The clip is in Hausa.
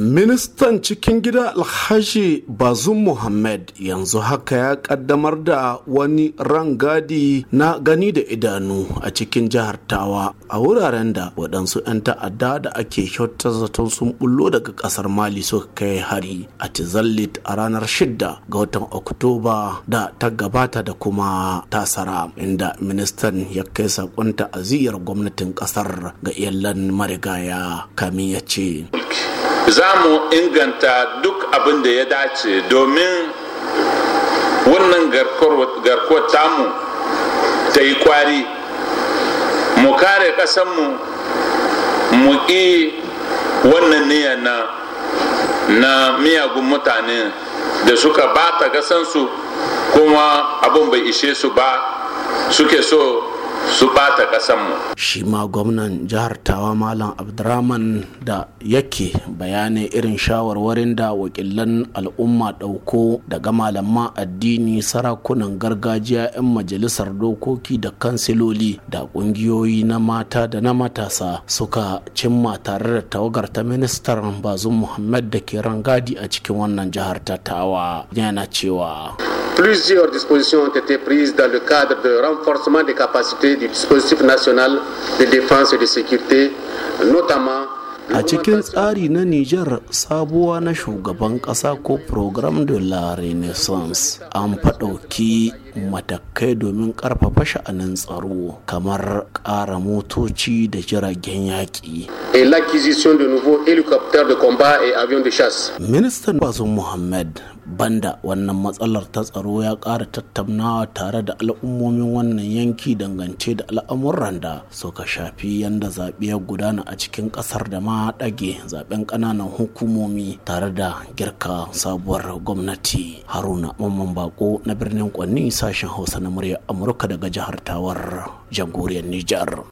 Ministan cikin gida Alhaji Bazum Muhammad yanzu haka ya kaddamar da wani rangadi na gani da idanu a cikin jihar Tawa a wuraren da waɗansu 'yan ta'adda da ake kyauta zaton sun bullo daga ƙasar Mali suka kai hari a Tizallit a ranar 6 ga watan Oktoba da ta gabata da kuma tasara inda ministan ya kai saƙon ta'aziyar gwamnatin ƙasar ga iyalan marigaya kamin ya ce. za mu inganta duk abin da ya dace domin wannan garkuwar tamu ta yi kwari mu kare kasanmu mu ƙi wannan niyyar na na miyagun mutane da suka bata kasansu kuma abin bai ishe su ba suke so su shi ma gwamnan jihar tawa malam abdurrahman da yake bayanai irin shawarwarin da wakilan al'umma ɗauko daga malaman addini sarakunan gargajiya 'yan majalisar dokoki da kansiloli da ƙungiyoyi na mata da na matasa suka cimma tare da tawagar ta ministan bazum muhammad da ke rangadi a cikin wannan jihar ta tawa yana cewa Plusieurs dispositions ont été prises dans le cadre de renforcement des capacités du dispositif national de défense et de sécurité, notamment de la Renaissance matakai domin ƙarfafa sha'anin tsaro kamar ƙara motoci da jiragen yaƙi. Ministan Bazum Muhammad banda wannan matsalar ta tsaro ya ƙara tattaunawa tare da al'ummomin wannan yanki dangance da al'amuran da suka shafi yadda zaɓe ya gudana a cikin ƙasar da ma ɗage zaɓen ƙananan hukumomi tare da girka sabuwar gwamnati haruna mamman bako na birnin kwanni sashen hausa na murya amurka daga jihar tawar jamhuriyar nijar